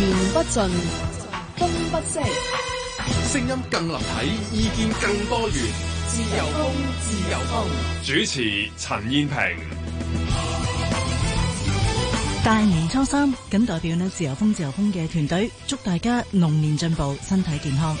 言不盡，風不息，聲音更立體，意見更多元，自由風，自由風。主持陳燕平。大年初三，謹代表呢自由風自由風嘅團隊，祝大家龍年進步，身體健康。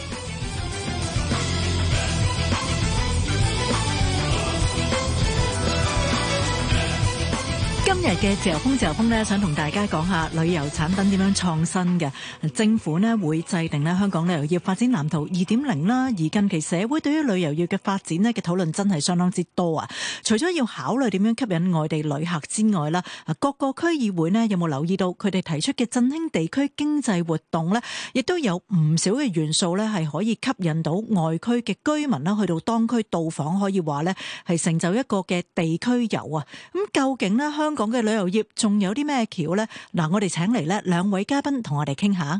今日嘅自由風自由風呢，想同大家講下旅遊產品點樣創新嘅。政府呢，會制定呢香港旅遊業發展藍圖二點零啦。而近期社會對於旅遊業嘅發展呢，嘅討論真係相當之多啊。除咗要考慮點樣吸引外地旅客之外啦，啊各個區議會呢，有冇留意到佢哋提出嘅振興地區經濟活動呢？亦都有唔少嘅元素呢，係可以吸引到外區嘅居民啦，去到當區到訪，可以話呢，係成就一個嘅地區遊啊。咁究竟呢？香港講嘅旅遊業仲有啲咩橋呢？嗱，我哋請嚟呢兩位嘉賓同我哋傾下。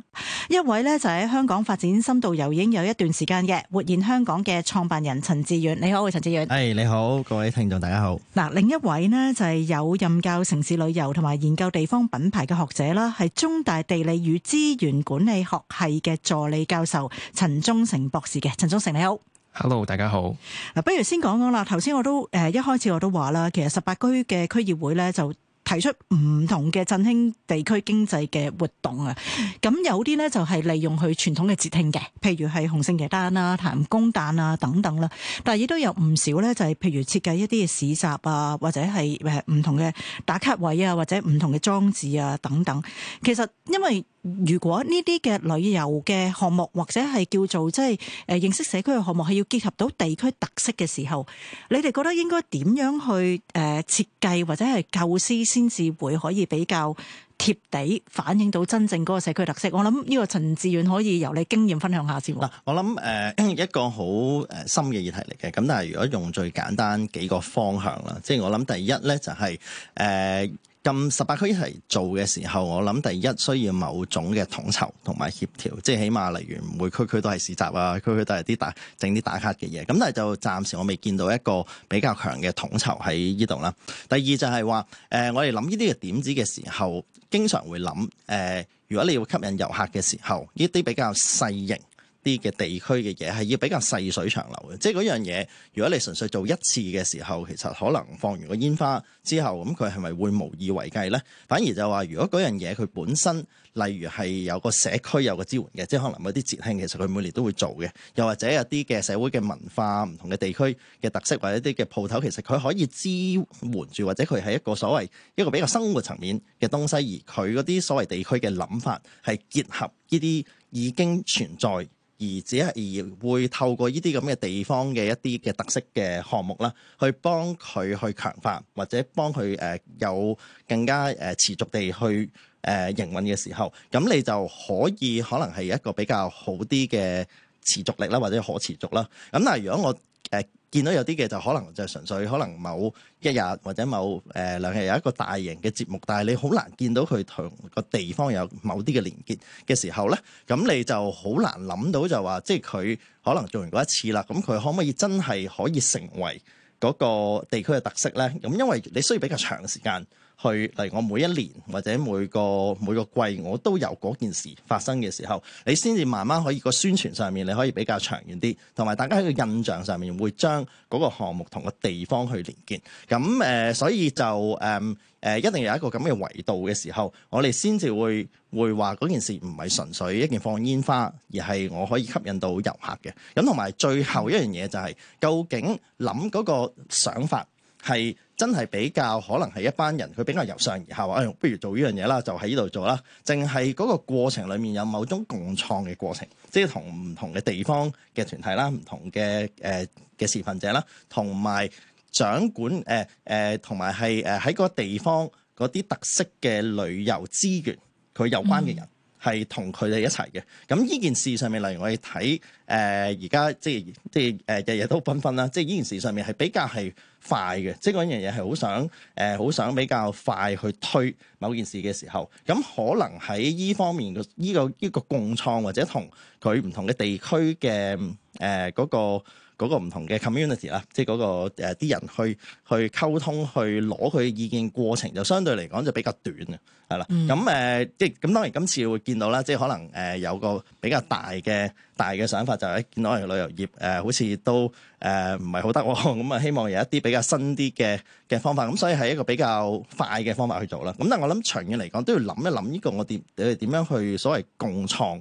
一位呢就喺香港發展深度遊已經有一段時間嘅活現香港嘅創辦人陳智遠。你好，陳智遠。係，你好，各位聽眾大家好。嗱，另一位呢就係有任教城市旅遊同埋研究地方品牌嘅學者啦，係中大地理與資源管理學系嘅助理教授陳宗誠博士嘅。陳宗誠你好。Hello，大家好。嗱，不如先講講啦。頭先我都，誒，一開始我都話啦，其實十八區嘅區議會咧就。提出唔同嘅振興地區經濟嘅活動啊，咁有啲咧就係利用佢傳統嘅節慶嘅，譬如係洪聖爺誕啊，譚公誕啊等等啦。但係亦都有唔少咧，就係譬如設計一啲嘅市集啊，或者係誒唔同嘅打卡位啊，或者唔同嘅裝置啊等等。其實因為如果呢啲嘅旅遊嘅項目或者係叫做即係誒認識社區嘅項目，係要結合到地區特色嘅時候，你哋覺得應該點樣去誒設計或者係構思先？先至會可以比較貼地反映到真正嗰個社區特色。我諗呢個陳智遠可以由你經驗分享下先。嗱，我諗誒一個好誒深嘅議題嚟嘅。咁但係如果用最簡單幾個方向啦，即係我諗第一咧就係、是、誒。呃咁十八區一齊做嘅時候，我諗第一需要某種嘅統籌同埋協調，即係起碼例如唔會區區都係市集啊，區區都係啲大整啲打卡嘅嘢。咁但係就暫時我未見到一個比較強嘅統籌喺呢度啦。第二就係話，誒、呃、我哋諗呢啲嘅點子嘅時候，經常會諗誒、呃，如果你要吸引遊客嘅時候，呢啲比較細型啲嘅地區嘅嘢係要比較細水長流嘅，即係嗰樣嘢。如果你純粹做一次嘅時候，其實可能放完個煙花之後，咁佢係咪會無以為繼呢？反而就話，如果嗰樣嘢佢本身，例如係有個社區有個支援嘅，即係可能一啲節慶，其實佢每年都會做嘅。又或者有啲嘅社會嘅文化、唔同嘅地區嘅特色，或者啲嘅鋪頭，其實佢可以支援住，或者佢係一個所謂一個比較生活層面嘅東西，而佢嗰啲所謂地區嘅諗法係結合呢啲已經存在。而只係而會透過呢啲咁嘅地方嘅一啲嘅特色嘅項目啦，去幫佢去強化，或者幫佢誒有更加誒持續地去誒營運嘅時候，咁你就可以可能係一個比較好啲嘅持續力啦，或者可持續啦。咁但係如果我誒、呃、見到有啲嘅就可能就係純粹可能某一日或者某誒、呃、兩日有一個大型嘅節目，但係你好難見到佢同個地方有某啲嘅連結嘅時候咧，咁你就好難諗到就話即係佢可能做完嗰一次啦，咁佢可唔可以真係可以成為嗰個地區嘅特色咧？咁因為你需要比較長時間。去嚟，我每一年或者每個每個季，我都有嗰件事發生嘅時候，你先至慢慢可以個宣傳上面你可以比較長遠啲，同埋大家喺個印象上面會將嗰個項目同個地方去連結，咁誒、呃、所以就誒誒、呃、一定有一個咁嘅維度嘅時候，我哋先至會會話嗰件事唔係純粹一件放煙花，而係我可以吸引到遊客嘅。咁同埋最後一樣嘢就係、是、究竟諗嗰個想法。係真係比較可能係一班人，佢比較由上而下話、哎，不如做呢樣嘢啦，就喺呢度做啦。淨係嗰個過程裡面有某種共創嘅過程，即係同唔同嘅地方嘅團體啦、唔同嘅誒嘅持份者啦，同埋掌管誒誒同埋係誒喺個地方嗰啲特色嘅旅遊資源佢有關嘅人。嗯係同佢哋一齊嘅，咁呢件事上面，例如我哋睇誒而家即係即係誒、呃、日日都繽紛啦，即係呢件事上面係比較係快嘅，即係嗰樣嘢係好想誒好、呃、想比較快去推某件事嘅時候，咁可能喺呢方面嘅呢個、呢個呢個、呢個呢個共創或者同佢唔同嘅地區嘅誒嗰個。嗰個唔同嘅 community 啦、那個，即係嗰個啲人去去溝通，去攞佢意見過程就相對嚟講就比較短啊，係啦。咁誒、嗯，即係咁當然今次會見到啦，即係可能誒、呃、有個比較大嘅大嘅想法，就係、是、見到係旅遊業誒、呃，好似都誒唔係好得喎。咁、呃、啊、嗯，希望有一啲比較新啲嘅嘅方法，咁所以係一個比較快嘅方法去做啦。咁但係我諗長遠嚟講都要諗一諗呢個我哋點樣去所謂共創。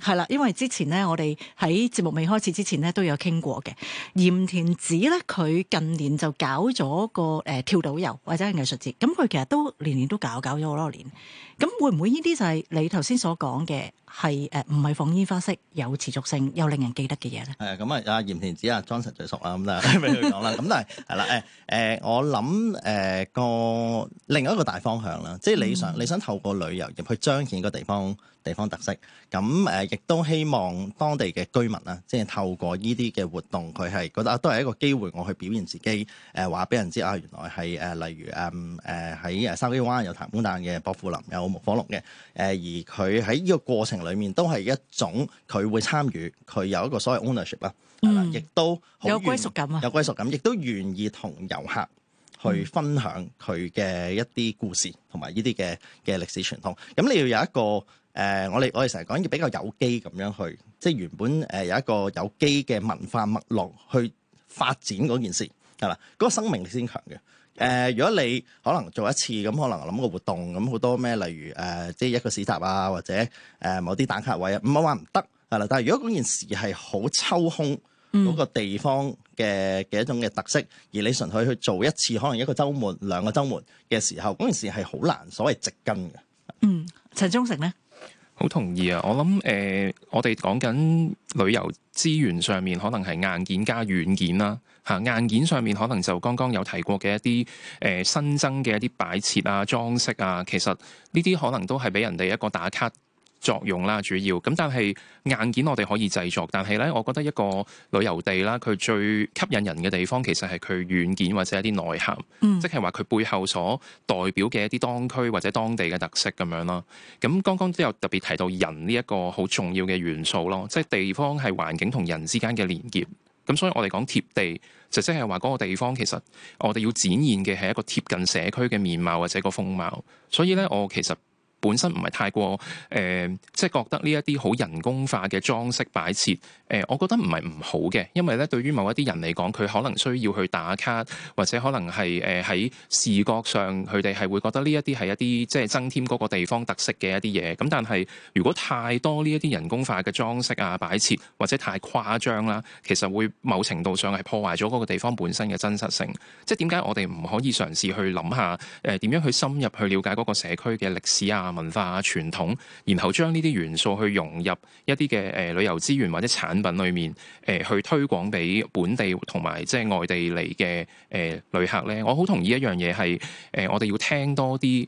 係啦，因為之前咧，我哋喺節目未開始之前咧，都有傾過嘅。鹽田梓咧，佢近年就搞咗個誒、呃、跳島遊或者係藝術節，咁佢其實都年年都搞，搞咗好多年。咁會唔會呢啲就係你頭先所講嘅係，誒唔係放煙花式，有持續性、又令人記得嘅嘢咧？係咁啊，阿鹽田子啊、莊臣最熟啊，咁啦，俾佢講啦。咁但係係啦，誒誒，我諗誒，個另一個大方向啦，即係你想你想透過旅遊入去彰顯個地方地方特色，咁誒亦都希望當地嘅居民啦，即係透過呢啲嘅活動，佢係覺得都係一個機會，我去表現自己，誒話俾人知啊，原來係誒例如誒誒喺筲箕灣有譚公誕嘅薄扶林有。舞火龍嘅，誒，而佢喺呢個過程裏面都係一種佢會參與，佢有一個所謂 ownership 啦，嗯，亦都有歸，啊、有歸屬感，有歸屬感，亦都願意同遊客去分享佢嘅一啲故事，同埋呢啲嘅嘅歷史傳統。咁你要有一個，誒、呃，我哋我哋成日講要比較有機咁樣去，即、就、係、是、原本誒有一個有機嘅文化脈絡去發展嗰件事。係啦，嗰、那個生命力先強嘅。誒、呃，如果你可能做一次咁，可能諗個活動咁，好多咩？例如誒、呃，即係一個市集啊，或者誒、呃、某啲打卡位啊，唔係話唔得，係啦。但係如果嗰件事係好抽空嗰個地方嘅嘅一種嘅特色，而你純粹去做一次，可能一個週末、兩個週末嘅時候，嗰件事係好難，所謂植根嘅。嗯，陳宗誠咧，好同意啊！我諗誒、呃，我哋講緊旅遊資源上面，可能係硬件加軟件啦。硬件上面可能就剛剛有提過嘅一啲誒、呃、新增嘅一啲擺設啊、裝飾啊，其實呢啲可能都係俾人哋一個打卡作用啦，主要咁。但係硬件我哋可以製作，但係呢，我覺得一個旅遊地啦，佢最吸引人嘅地方其實係佢軟件或者一啲內涵，嗯、即係話佢背後所代表嘅一啲當區或者當地嘅特色咁樣咯。咁剛剛都有特別提到人呢一個好重要嘅元素咯，即係地方係環境同人之間嘅連結。咁所以我哋講貼地，就即係話嗰個地方其實我哋要展現嘅係一個貼近社區嘅面貌或者個風貌，所以咧我其實本身唔係太過誒，即係覺得呢一啲好人工化嘅裝飾擺設。誒，我覺得唔係唔好嘅，因為咧，對於某一啲人嚟講，佢可能需要去打卡，或者可能係誒喺視覺上，佢哋係會覺得呢一啲係一啲即係增添嗰個地方特色嘅一啲嘢。咁但係如果太多呢一啲人工化嘅裝飾啊、擺設或者太誇張啦，其實會某程度上係破壞咗嗰個地方本身嘅真實性。即係點解我哋唔可以嘗試去諗下誒、呃、點樣去深入去了解嗰個社區嘅歷史啊、文化啊、傳統，然後將呢啲元素去融入一啲嘅誒旅遊資源或者產。品裏面，誒、呃、去推廣俾本地同埋即係外地嚟嘅誒旅客咧，我好同意一樣嘢係，誒我哋要聽多啲。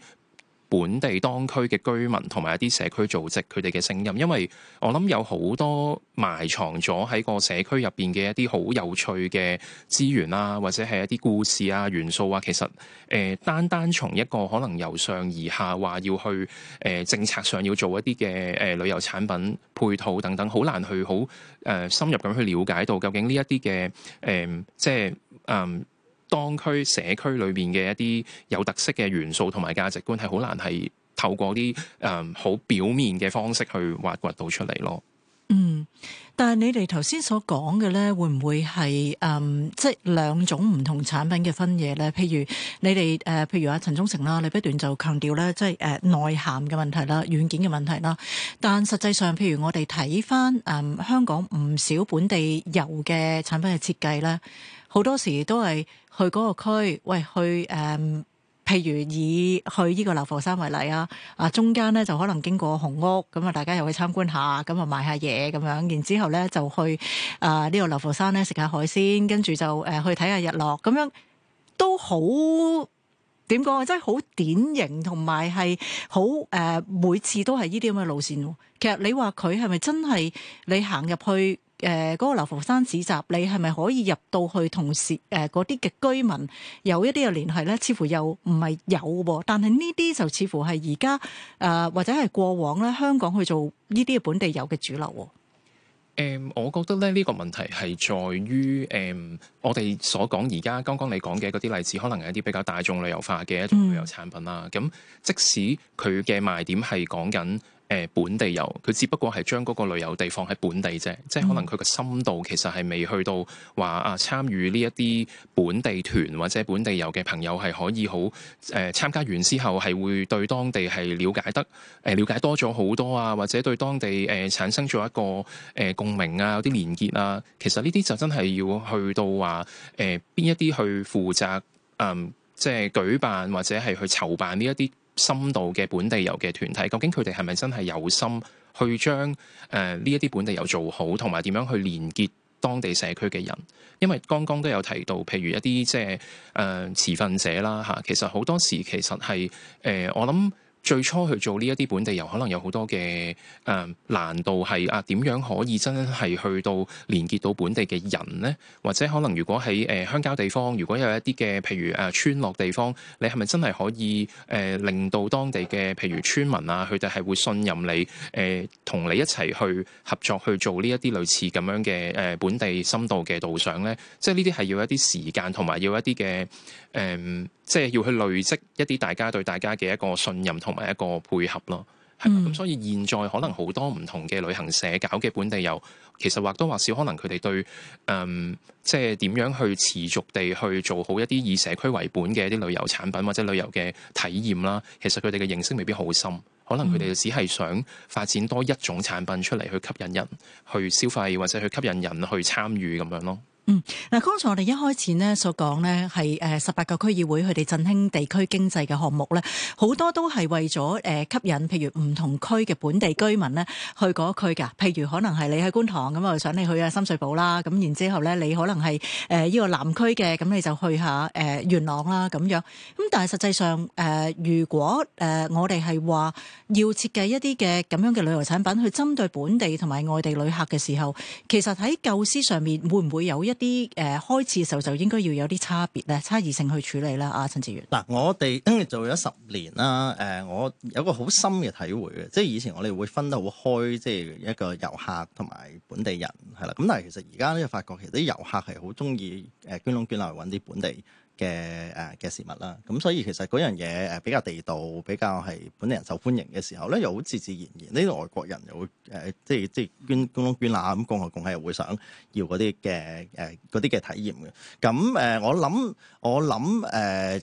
本地當區嘅居民同埋一啲社區組織，佢哋嘅聲音，因為我諗有好多埋藏咗喺個社區入邊嘅一啲好有趣嘅資源啊，或者係一啲故事啊、元素啊，其實誒、呃、單單從一個可能由上而下話要去誒、呃、政策上要做一啲嘅誒旅遊產品配套等等，好難去好誒、呃、深入咁去了解到究竟呢一啲嘅誒即係嗯。呃當區社區裏面嘅一啲有特色嘅元素同埋價值觀係好難係透過啲誒好表面嘅方式去挖掘到出嚟咯、嗯。嗯，但係你哋頭先所講嘅咧，會唔會係誒即係兩種唔同產品嘅分野咧？譬如你哋誒，譬、呃、如阿陳宗誠啦，你不斷就強調咧，即係誒內涵嘅問題啦、軟件嘅問題啦。但實際上，譬如我哋睇翻誒香港唔少本地遊嘅產品嘅設計咧，好多時都係。去嗰個區，喂，去誒、呃，譬如以去呢個流浮山為例啊，啊，中間呢就可能經過紅屋，咁啊，大家又去參觀下，咁啊，買下嘢咁樣，然之後呢就去啊呢、呃這個流浮山呢食下海鮮，跟住就誒、呃、去睇下日落，咁樣都好點講啊？真係好典型，同埋係好誒，每次都係呢啲咁嘅路線。其實你話佢係咪真係你行入去？誒嗰、呃那個流浮山市集，你係咪可以入到去同，同時誒嗰啲嘅居民有一啲嘅聯繫咧，似乎又唔係有喎。但係呢啲就似乎係而家誒或者係過往咧，香港去做呢啲嘅本地遊嘅主流。誒、嗯，我覺得咧呢、這個問題係在於誒、嗯，我哋所講而家剛剛你講嘅嗰啲例子，可能係一啲比較大眾旅遊化嘅一種旅遊產品啦。咁、嗯、即使佢嘅賣點係講緊，誒本地遊，佢只不過係將嗰個旅遊地放喺本地啫，即係可能佢個深度其實係未去到話啊參與呢一啲本地團或者本地遊嘅朋友係可以好誒、呃、參加完之後係會對當地係了解得誒、呃、瞭解多咗好多啊，或者對當地誒、呃、產生咗一個誒、呃、共鳴啊、有啲連結啊，其實呢啲就真係要去到話誒邊一啲去負責嗯、呃、即係舉辦或者係去籌辦呢一啲。深度嘅本地遊嘅團體，究竟佢哋係咪真係有心去將誒呢一啲本地遊做好，同埋點樣去連結當地社區嘅人？因為剛剛都有提到，譬如一啲即係誒持份者啦吓，其實好多時其實係誒、呃、我諗。最初去做呢一啲本地遊可能有好多嘅、誒、呃、難度係啊，點樣可以真係去到連結到本地嘅人咧？或者可能如果喺誒鄉郊地方，如果有一啲嘅譬如，誒、啊、村落地方，你係咪真係可以誒、呃、令到當地嘅譬如村民啊，佢哋係會信任你誒，同、呃、你一齊去合作去做呢一啲類似咁樣嘅、誒、呃、本地深度嘅導賞咧？即係呢啲係要一啲時間同埋要一啲嘅誒。呃即係要去累積一啲大家對大家嘅一個信任同埋一個配合咯，係嘛？咁、嗯、所以現在可能好多唔同嘅旅行社搞嘅本地遊，其實或多或少可能佢哋對誒、嗯、即係點樣去持續地去做好一啲以社區為本嘅一啲旅遊產品或者旅遊嘅體驗啦，其實，佢哋嘅認識未必好深，可能佢哋只係想發展多一種產品出嚟去吸引人去消費或者去吸引人去參與咁樣咯。嗯，嗱，剛才我哋一開始咧所講咧，係誒十八個區議會佢哋振興地區經濟嘅項目咧，好多都係為咗誒吸引，譬如唔同區嘅本地居民咧去嗰區噶，譬如可能係你喺觀塘咁，啊想你去啊深水埗啦，咁然之後咧你可能係誒呢個南區嘅，咁你就去下誒元朗啦咁樣。咁但係實際上誒、呃，如果誒、呃、我哋係話要設計一啲嘅咁樣嘅旅遊產品去針對本地同埋外地旅客嘅時候，其實喺構思上面會唔會有一？一啲誒、呃、開始時候就應該要有啲差別咧，差異性去處理啦。啊，陳智遠，嗱，我哋做咗十年啦，誒、呃、我有個好深嘅體會嘅，即係以前我哋會分得好開，即係一個遊客同埋本地人係啦。咁但係其實而家咧發覺，其實啲遊客係好中意誒，捐窿捐罅揾啲本地嘅誒嘅事物啦，咁所以其實嗰樣嘢誒比較地道，比較係本地人受歡迎嘅時候咧，又好自自然然，呢個外國人又會誒、呃、即係即係捐公窿捐罅，咁共同共係又會想要嗰啲嘅誒嗰啲嘅體驗嘅。咁誒我諗，我諗誒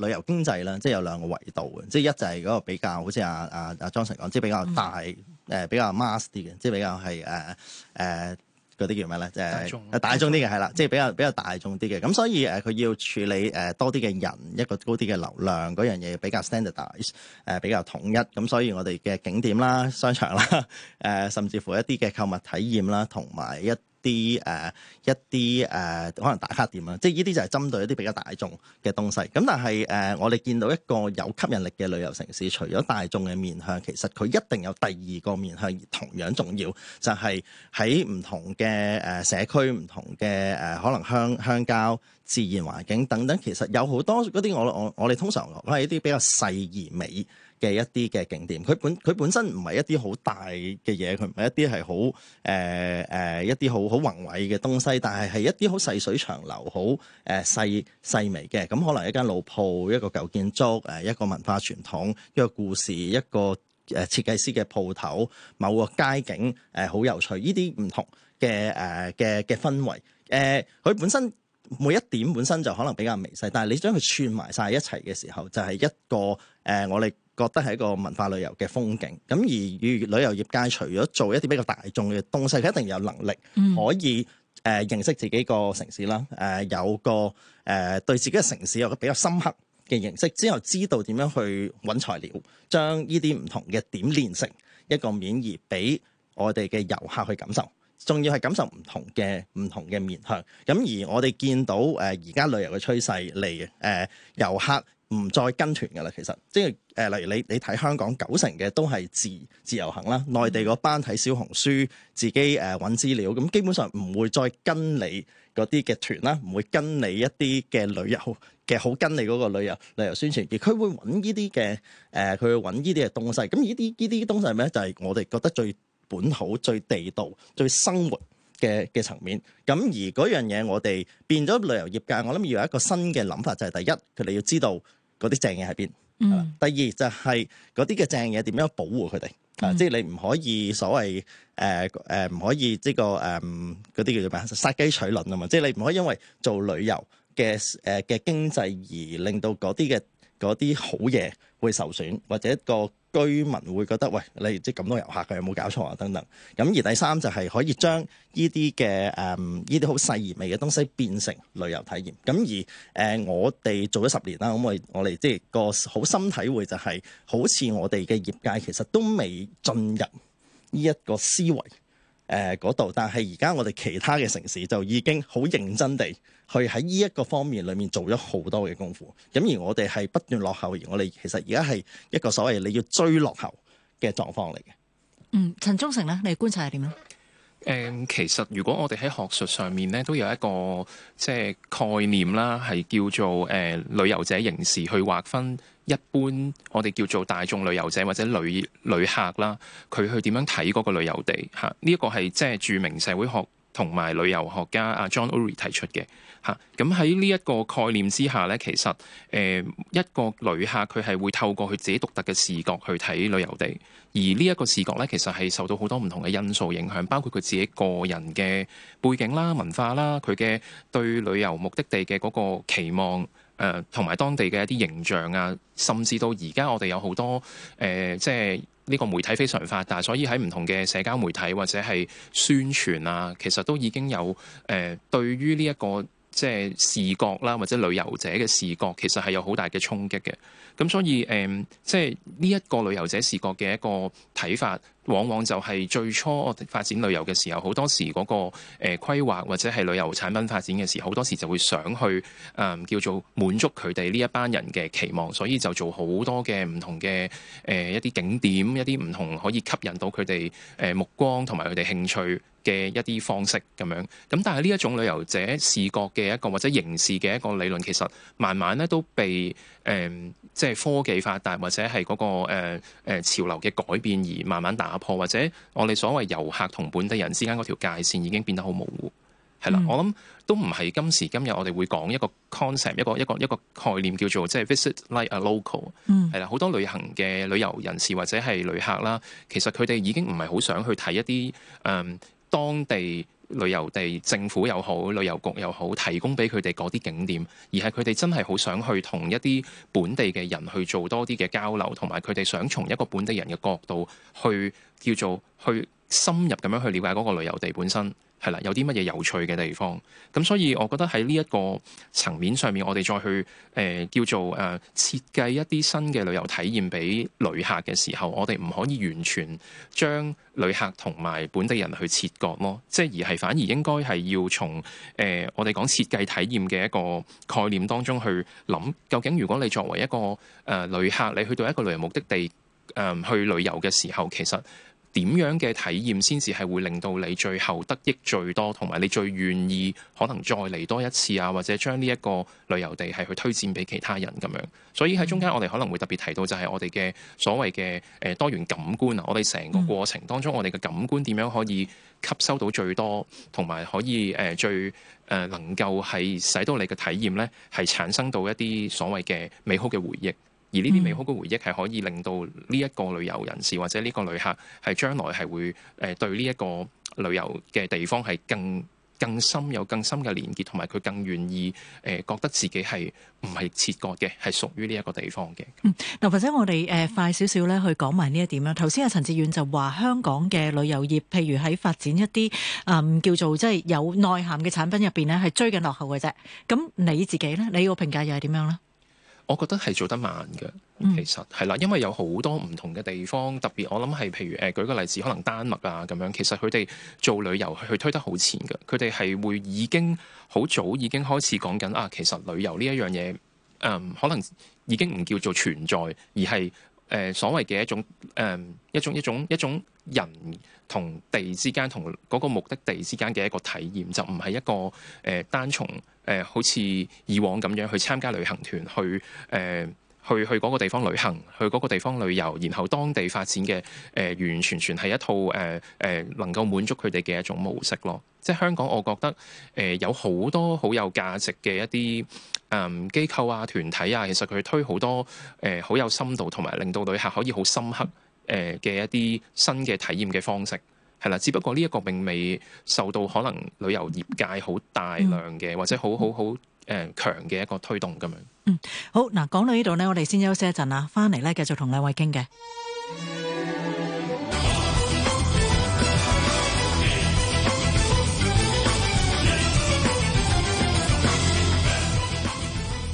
個旅遊經濟咧，即係有兩個維度嘅，即係一就係嗰個比較，好似阿阿阿宗誠講，即係比較大誒、嗯呃、比較 mass 啲嘅，即係比較係誒誒。呃呃呃呃嗰啲叫咩咧？即係大眾啲嘅係啦，即係比較比較大眾啲嘅。咁 所以誒，佢要處理誒多啲嘅人一個高啲嘅流量嗰樣嘢，比較 standardised 誒比較統一。咁所以我哋嘅景點啦、商場啦、誒甚至乎一啲嘅購物體驗啦，同埋一啲誒一啲誒、呃呃、可能打卡點啦，即係呢啲就係針對一啲比較大眾嘅東西。咁但係誒、呃，我哋見到一個有吸引力嘅旅遊城市，除咗大眾嘅面向，其實佢一定有第二個面向，同樣重要，就係喺唔同嘅誒社區、唔同嘅誒、呃、可能鄉鄉郊、自然環境等等。其實有好多嗰啲我我我哋通常講係一啲比較細而美。嘅一啲嘅景點，佢本佢本身唔係一啲好大嘅嘢，佢唔係一啲係好誒誒一啲好好宏偉嘅東西，但係係一啲好細水長流、好誒細細微嘅。咁、嗯、可能一間老鋪、一個舊建築、誒一個文化傳統、一個故事、一個誒設計師嘅鋪頭、某個街景誒好、呃、有趣。呢啲唔同嘅誒嘅嘅氛圍，誒、呃、佢本身每一點本身就可能比較微細，但係你將佢串埋晒一齊嘅時候，就係、是、一個誒、呃、我哋。覺得係一個文化旅遊嘅風景，咁而與旅遊業界除咗做一啲比較大眾嘅東西，佢一定有能力可以誒、嗯呃、認識自己個城市啦，誒、呃、有個誒、呃、對自己嘅城市有個比較深刻嘅認識，之後知道點樣去揾材料，將呢啲唔同嘅點連成一個面，而俾我哋嘅遊客去感受，仲要係感受唔同嘅唔同嘅面向。咁、呃、而我哋見到誒而家旅遊嘅趨勢嚟誒、呃、遊客。唔再跟團嘅啦，其實即係誒，例如你你睇香港九成嘅都係自自由行啦，內地嗰班睇小紅書，自己誒揾資料，咁基本上唔會再跟你嗰啲嘅團啦，唔會跟你一啲嘅旅遊嘅好跟你嗰個旅遊旅遊宣傳，亦佢會揾呢啲嘅誒，佢會揾呢啲嘅東西。咁呢啲呢啲東西係咩？就係我哋覺得最本土、最地道、最生活嘅嘅層面。咁而嗰樣嘢，我哋變咗旅遊業界，我諗要有一個新嘅諗法，就係、是、第一，佢哋要知道。嗰啲正嘢喺邊？嗯、第二就係嗰啲嘅正嘢點樣保護佢哋？啊、嗯，即係你唔可以所謂誒誒，唔、呃呃、可以即、呢個誒嗰啲叫做咩？殺雞取卵啊嘛！即係你唔可以因為做旅遊嘅誒嘅經濟而令到嗰啲嘅。嗰啲好嘢會受損，或者個居民會覺得喂，你即咁多遊客佢有冇搞錯啊等等。咁而第三就係、是、可以將呢啲嘅誒呢啲好細而微嘅東西變成旅遊體驗。咁而誒、呃、我哋做咗十年啦，咁、嗯、我我哋即係個好深體會就係、是，好似我哋嘅業界其實都未進入呢一個思維誒嗰度，但係而家我哋其他嘅城市就已經好認真地。去喺呢一個方面裏面做咗好多嘅功夫，咁而我哋係不斷落後，而我哋其實而家係一個所謂你要追落後嘅狀況嚟嘅。嗯，陳宗誠咧，你觀察係點咧？誒、嗯，其實如果我哋喺學術上面咧，都有一個即係、就是、概念啦，係叫做誒、呃、旅遊者凝視去劃分一般我哋叫做大眾旅遊者或者旅旅客啦，佢去點樣睇嗰個旅遊地吓？呢、這、一個係即係著名社會學。同埋旅遊學家阿 John Ury 提出嘅嚇，咁喺呢一個概念之下咧，其實誒一個旅客佢係會透過佢自己獨特嘅視覺去睇旅遊地，而呢一個視覺咧，其實係受到好多唔同嘅因素影響，包括佢自己個人嘅背景啦、文化啦，佢嘅對旅遊目的地嘅嗰個期望。誒同埋當地嘅一啲形象啊，甚至到而家我哋有好多誒，即係呢個媒體非常發達，所以喺唔同嘅社交媒體或者係宣傳啊，其實都已經有誒、呃、對於呢一個。即係視覺啦，或者旅遊者嘅視覺，其實係有好大嘅衝擊嘅。咁所以誒、呃，即係呢一個旅遊者視覺嘅一個睇法，往往就係最初我哋發展旅遊嘅時候，好多時嗰、那個誒、呃、規劃或者係旅遊產品發展嘅時候，好多時就會想去誒、呃、叫做滿足佢哋呢一班人嘅期望，所以就做好多嘅唔同嘅誒、呃、一啲景點，一啲唔同可以吸引到佢哋誒目光同埋佢哋興趣嘅一啲方式咁樣，咁但係呢一種旅遊者視覺嘅一個或者凝視嘅一個理論，其實慢慢咧都被誒即係科技發達或者係嗰個誒、誒、潮流嘅改變而慢慢打破，或者我哋所謂遊客同本地人之間嗰條界線已經變得好模糊，係啦。我諗都唔係今時今日我哋會講一個 concept，一個一個一個概念叫做即係 visit like a local，嗯，係啦。好多旅行嘅旅遊人士或者係旅客啦，其實佢哋已經唔係好想去睇一啲誒、呃當地旅遊地政府又好，旅遊局又好，提供俾佢哋嗰啲景點，而係佢哋真係好想去同一啲本地嘅人去做多啲嘅交流，同埋佢哋想從一個本地人嘅角度去叫做去深入咁樣去了解嗰個旅遊地本身。係啦，有啲乜嘢有趣嘅地方咁，所以我覺得喺呢一個層面上面，我哋再去誒、呃、叫做誒、呃、設計一啲新嘅旅遊體驗俾旅客嘅時候，我哋唔可以完全將旅客同埋本地人去切割咯，即係而係反而應該係要從誒、呃、我哋講設計體驗嘅一個概念當中去諗，究竟如果你作為一個誒、呃、旅客，你去到一個旅遊目的地誒、呃、去旅遊嘅時候，其實點樣嘅體驗先至係會令到你最後得益最多，同埋你最願意可能再嚟多一次啊，或者將呢一個旅遊地係去推薦俾其他人咁樣。所以喺中間，我哋可能會特別提到就係我哋嘅所謂嘅誒多元感官啊。我哋成個過程當中，我哋嘅感官點樣可以吸收到最多，同埋可以誒最誒能夠係使到你嘅體驗呢？係產生到一啲所謂嘅美好嘅回憶。而呢啲美好嘅回憶係可以令到呢一個旅遊人士或者呢個旅客係將來係會誒對呢一個旅遊嘅地方係更更深有更深嘅連結，同埋佢更願意誒覺得自己係唔係切割嘅，係屬於呢一個地方嘅。嗱、嗯，或者我哋誒快少少咧去講埋呢一點啦。頭先阿陳智遠就話香港嘅旅遊業，譬如喺發展一啲啊、嗯、叫做即係有內涵嘅產品入邊咧，係追緊落後嘅啫。咁你自己咧，你個評價又係點樣咧？我覺得係做得慢嘅，其實係啦，因為有好多唔同嘅地方，特別我諗係譬如誒、呃，舉個例子，可能丹麥啊咁樣，其實佢哋做旅遊去推得好前嘅，佢哋係會已經好早已經開始講緊啊，其實旅遊呢一樣嘢，誒、呃、可能已經唔叫做存在，而係。誒、呃、所謂嘅一種誒、呃、一種一種一種人同地之間同嗰個目的地之間嘅一個體驗，就唔係一個誒、呃、單從誒、呃、好似以往咁樣去參加旅行團去誒。呃去去嗰個地方旅行，去嗰個地方旅遊，然後當地發展嘅誒完完全全係一套誒誒、呃、能夠滿足佢哋嘅一種模式咯。即係香港，我覺得誒、呃、有好多好有價值嘅一啲誒機構啊、團體啊，其實佢推好多誒好、呃、有深度，同埋令到旅客可以好深刻誒嘅一啲新嘅體驗嘅方式，係啦。只不過呢一個並未受到可能旅遊業界好大量嘅，或者好好好。誒強嘅一個推動咁樣。嗯，好嗱，講到呢度呢，我哋先休息一陣啦，翻嚟咧繼續同兩位傾嘅。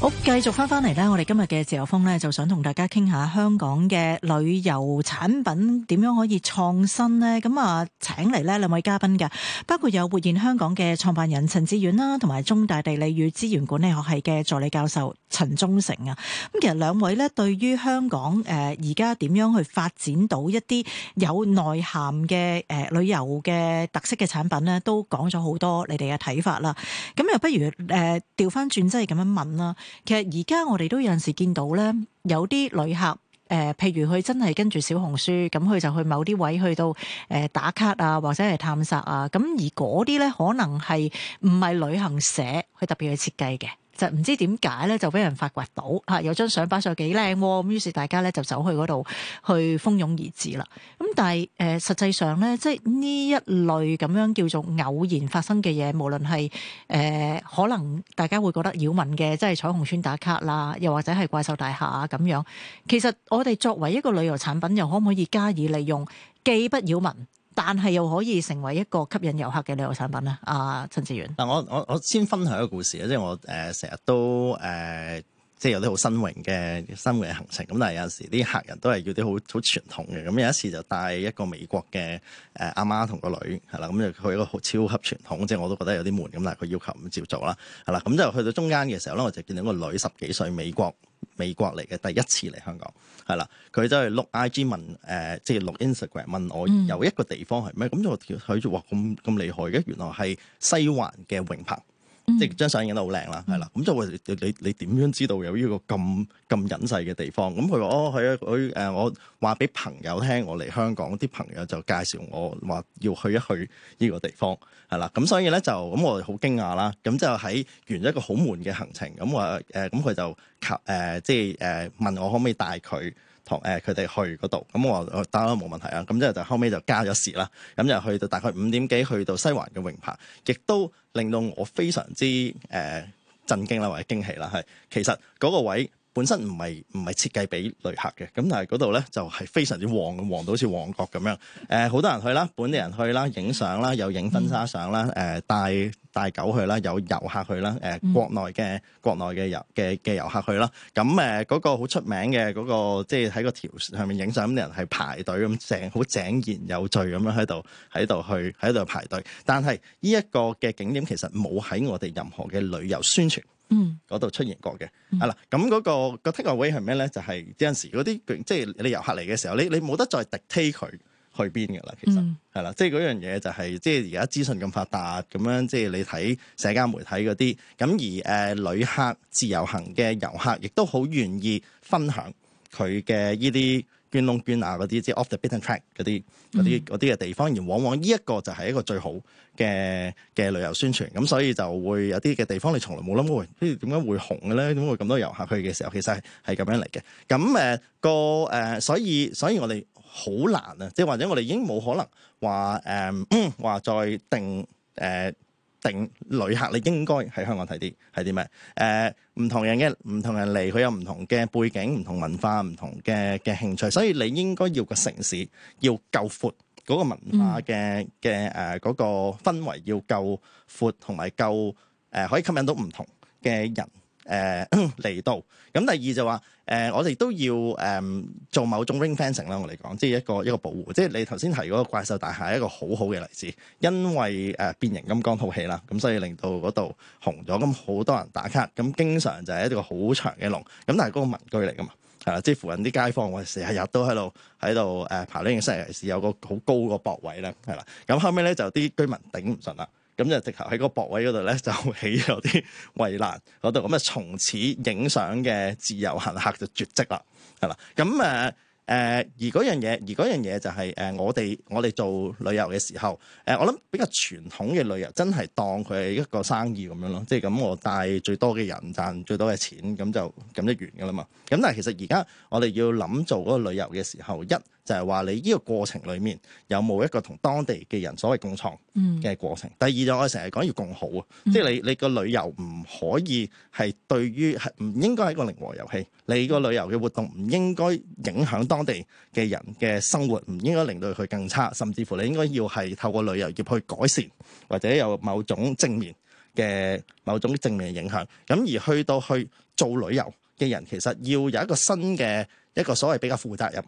好，繼續翻翻嚟咧，我哋今日嘅自由風咧，就想同大家傾下香港嘅旅遊產品點樣可以創新呢。咁啊，請嚟呢兩位嘉賓嘅，包括有活現香港嘅創辦人陳智遠啦，同埋中大地理與資源管理學系嘅助理教授陳宗誠啊。咁其實兩位呢，對於香港誒而家點樣去發展到一啲有內涵嘅誒旅遊嘅特色嘅產品呢，都講咗好多你哋嘅睇法啦。咁又不如誒調翻轉，即係咁樣問啦。其實而家我哋都有陣時見到咧，有啲旅客，誒、呃，譬如佢真係跟住小紅書，咁佢就去某啲位去到，誒、呃，打卡啊，或者係探索啊，咁而嗰啲咧可能係唔係旅行社去特別去設計嘅。就唔知點解咧，就俾人發掘到嚇，有張相擺上幾靚咁，於是大家咧就走去嗰度去蜂擁而至啦。咁但係誒、呃，實際上咧，即係呢一類咁樣叫做偶然發生嘅嘢，無論係誒、呃、可能大家會覺得擾民嘅，即係彩虹村打卡啦，又或者係怪獸大廈啊咁樣。其實我哋作為一個旅遊產品，又可唔可以加以利用，既不擾民？但係又可以成為一個吸引遊客嘅旅遊產品咧，啊，陳智遠，嗱，我我我先分享一個故事啊，即係我誒成日都誒。呃即係有啲好新穎嘅新穎行程，咁但係有時啲客人都係要啲好好傳統嘅，咁有一次就帶一個美國嘅誒阿媽同個女係啦，咁就去一個好超級傳統，即係我都覺得有啲悶，咁但係佢要求唔照做啦，係啦，咁就去到中間嘅時候咧，我就見到個女十幾歲，美國美國嚟嘅，第一次嚟香港係啦，佢就係碌 IG 問誒、呃，即係碌 Instagram 問我有一個地方係咩，咁、嗯、就佢就話咁咁厲害嘅，原來係西環嘅泳棚。即係張相影得好靚啦，係啦，咁就會你你點樣知道有呢個咁咁隱世嘅地方？咁佢話：哦，係啊，佢誒、嗯、我話俾朋友聽，on, 我嚟香港啲朋友就介紹我話要去一去呢個地方，係啦。咁所以咧就咁我哋好驚訝啦。咁就喺完一個好悶嘅行程，咁我誒咁佢就及誒即係誒問我可唔可以帶佢？同誒佢哋去嗰度。咁我，得啦，冇問題啊，咁之後就後尾就加咗時啦，咁就去到大概五點幾去到西環嘅泳棚，亦都令到我非常之誒震驚啦或者驚喜啦係，其實嗰個位。本身唔係唔係設計俾旅客嘅，咁但係嗰度咧就係非常之旺，旺到好似旺角咁樣。誒、呃，好多人去啦，本地人去啦，影相啦，有影婚紗相啦，誒、呃，帶帶狗去啦，有遊客去啦，誒、呃，國內嘅國內嘅遊嘅嘅遊客去啦。咁、呃、誒，嗰個好出名嘅嗰個，即係喺個條上面影相，啲人係排隊咁，井好井然有序咁樣喺度喺度去喺度排隊。但係呢一個嘅景點其實冇喺我哋任何嘅旅遊宣傳。嗰度、嗯、出現過嘅，啊啦、嗯，咁嗰、那個、那個、take away 係咩咧？就係、是、有陣時嗰啲即係你遊客嚟嘅時候，你你冇得再 dictate 佢去邊嘅啦。其實係啦、嗯就是就是，即係嗰樣嘢就係即係而家資訊咁發達，咁樣即係你睇社交媒體嗰啲，咁而誒、呃、旅客自由行嘅遊客亦都好願意分享佢嘅依啲。捐窿捐罅嗰啲即係 off the beaten track 嗰啲嗰啲嗰啲嘅地方，而往往呢一個就係一個最好嘅嘅旅遊宣傳，咁所以就會有啲嘅地方你從來冇諗過，跟住點解，會紅嘅咧？點解會咁多遊客去嘅時候，其實係咁樣嚟嘅。咁、那、誒個誒、呃、所以所以我哋好難啊，即係或者我哋已經冇可能話誒話再定誒。呃定旅客，你應該喺香港睇啲係啲咩？誒唔同人嘅唔同人嚟，佢有唔同嘅背景、唔同文化、唔同嘅嘅興趣，所以你應該要個城市要夠闊，嗰個文化嘅嘅誒嗰個氛圍要夠闊同埋夠誒、呃、可以吸引到唔同嘅人。誒嚟、呃、到，咁第二就話、是、誒、呃，我哋都要誒、呃、做某種 ring fencing 啦。我嚟講，即係一個一個保護。即係你頭先提嗰個怪獸大廈，係一個好好嘅例子，因為誒、呃、變形金剛套戲啦，咁所以令到嗰度紅咗，咁好多人打卡，咁經常就係一個好長嘅龍，咁但係嗰個民居嚟㗎嘛，係啦，即係附近啲街坊，我哋成日日都喺度喺度誒爬個呢樣西遊記，有個好高個博位咧，係啦，咁後尾咧就啲居民頂唔順啦。咁就直頭喺個博位嗰度咧，就起咗啲圍欄嗰度，咁啊從此影相嘅自由行客就絕跡啦，係啦。咁誒誒，而嗰樣嘢，而嗰樣嘢就係、是、誒、呃、我哋我哋做旅遊嘅時候，誒、呃、我諗比較傳統嘅旅遊真係當佢係一個生意咁樣咯，嗯、即係咁我帶最多嘅人賺最多嘅錢，咁就咁就完噶啦嘛。咁但係其實而家我哋要諗做嗰個旅遊嘅時候一。就係話你呢個過程裏面有冇一個同當地嘅人所謂共創嘅過程。嗯、第二就我成日講要共好啊，嗯、即係你你個旅遊唔可以係對於係唔應該係一個零和遊戲。你個旅遊嘅活動唔應該影響當地嘅人嘅生活，唔應該令到佢更差，甚至乎你應該要係透過旅遊業去改善，或者有某種正面嘅某種正面嘅影響。咁而去到去做旅遊嘅人，其實要有一個新嘅一個所謂比較負責任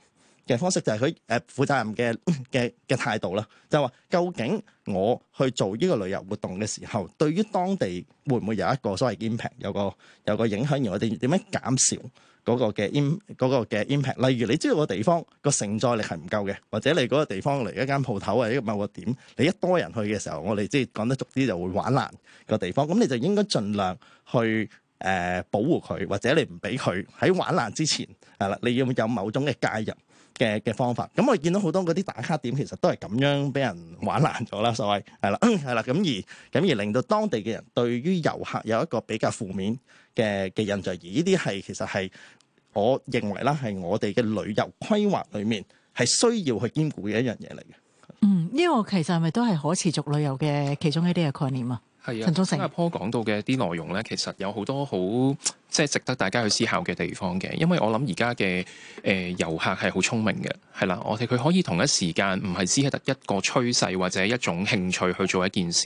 嘅方式就係佢誒負責任嘅嘅嘅態度啦。就係話究竟我去做呢個旅遊活動嘅時候，對於當地會唔會有一個所謂 impact，有個有個影響？而我哋點樣減少嗰個嘅 imp 嗰個嘅 impact？例如你知道個地方個承載力係唔夠嘅，或者你嗰個地方嚟一間鋪頭啊，或者某個點你一多人去嘅時候，我哋即係講得俗啲就會玩爛個地方。咁你就應該盡量去誒保護佢，或者你唔俾佢喺玩爛之前係啦，你要有某種嘅介入。嘅嘅方法，咁我見到好多嗰啲打卡點其實都係咁樣俾人玩爛咗啦，所謂係啦係啦，咁而咁而令到當地嘅人對於遊客有一個比較負面嘅嘅印象，而呢啲係其實係我認為啦，係我哋嘅旅遊規劃裏面係需要去兼顧嘅一樣嘢嚟嘅。嗯，呢個其實係咪都係可持續旅遊嘅其中一啲嘅概念啊？係啊，陳宗誠新加坡講到嘅啲內容咧，其實有好多好即係值得大家去思考嘅地方嘅。因為我諗而家嘅誒遊客係好聰明嘅，係啦，我哋佢可以同一時間唔係只係得一個趨勢或者一種興趣去做一件事。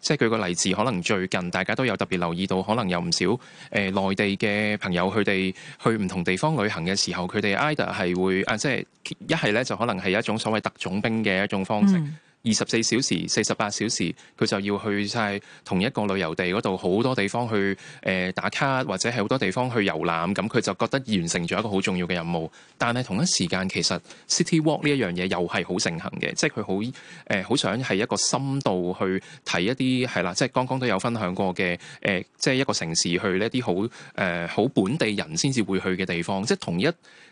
即係舉個例子，可能最近大家都有特別留意到，可能有唔少誒、呃、內地嘅朋友佢哋去唔同地方旅行嘅時候，佢哋 either 係會啊，即係一係咧就可能係一種所謂特種兵嘅一種方式。嗯二十四小時、四十八小時，佢就要去晒同一個旅遊地嗰度好多地方去誒、呃、打卡，或者係好多地方去遊覽，咁佢就覺得完成咗一個好重要嘅任務。但係同一時間，其實 City Walk 呢一樣嘢又係好盛行嘅，即係佢好誒好想係一個深度去睇一啲係啦，即係剛剛都有分享過嘅誒、呃，即係一個城市去呢一啲好誒好本地人先至會去嘅地方，即係同一。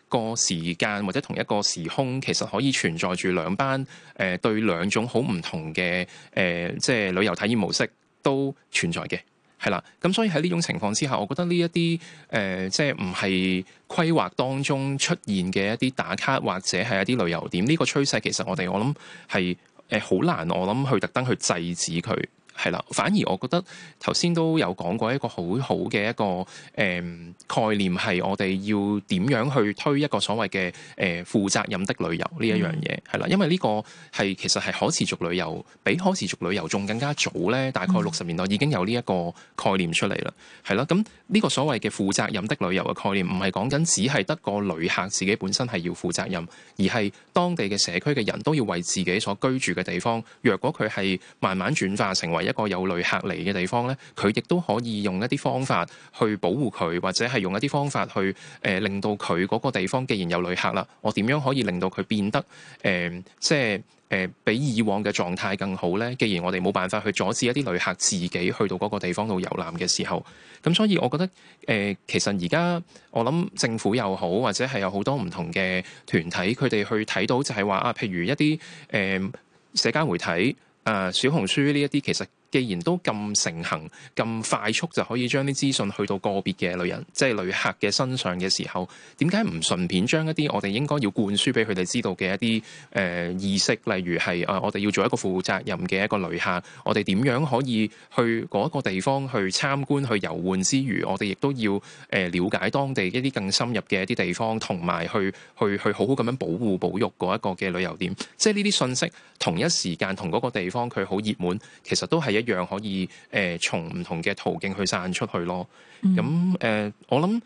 個時間或者同一個時空，其實可以存在住兩班誒、呃，對兩種好唔同嘅誒、呃，即係旅遊體驗模式都存在嘅，係啦。咁所以喺呢種情況之下，我覺得呢一啲誒，即係唔係規劃當中出現嘅一啲打卡或者係一啲旅遊點，呢個趨勢其實我哋我諗係誒好難，我諗去特登去制止佢。係啦，反而我覺得頭先都有講過一個好好嘅一個誒、嗯、概念，係我哋要點樣去推一個所謂嘅誒負責任的旅遊呢一樣嘢，係啦，因為呢個係其實係可持續旅遊，比可持續旅遊仲更加早咧，大概六十年代已經有呢一個概念出嚟啦，係啦、嗯，咁呢個所謂嘅負責任的旅遊嘅概念唔係講緊只係得個旅客自己本身係要負責任，而係當地嘅社區嘅人都要為自己所居住嘅地方，若果佢係慢慢轉化成為。一個有旅客嚟嘅地方呢，佢亦都可以用一啲方法去保護佢，或者係用一啲方法去誒、呃、令到佢嗰個地方，既然有旅客啦，我點樣可以令到佢變得誒、呃、即係誒、呃、比以往嘅狀態更好呢？既然我哋冇辦法去阻止一啲旅客自己去到嗰個地方度遊覽嘅時候，咁所以我覺得誒、呃、其實而家我諗政府又好，或者係有好多唔同嘅團體，佢哋去睇到就係話啊，譬如一啲誒、呃、社交媒體。誒、uh, 小紅書呢一啲其實。既然都咁成行、咁快速就可以將啲資訊去到個別嘅旅人、即、就、係、是、旅客嘅身上嘅時候，點解唔順便將一啲我哋應該要灌輸俾佢哋知道嘅一啲誒、呃、意識，例如係誒、呃、我哋要做一個負責任嘅一個旅客，我哋點樣可以去嗰一個地方去參觀去遊玩之餘，我哋亦都要誒、呃、了解當地一啲更深入嘅一啲地方，同埋去去去好好咁樣保護保育嗰一個嘅旅遊點，即係呢啲信息同一時間同嗰個地方佢好熱門，其實都係一。一樣可以誒從唔同嘅途徑去散出去咯。咁誒，我諗